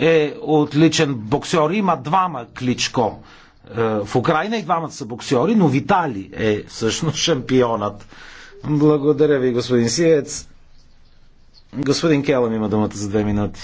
е отличен боксер. Има двама Кличко е, в Украина и двамата са боксери, но Витали е всъщност шампионът. Благодаря ви, господин Сиец. Господин Келъм има думата за две минути.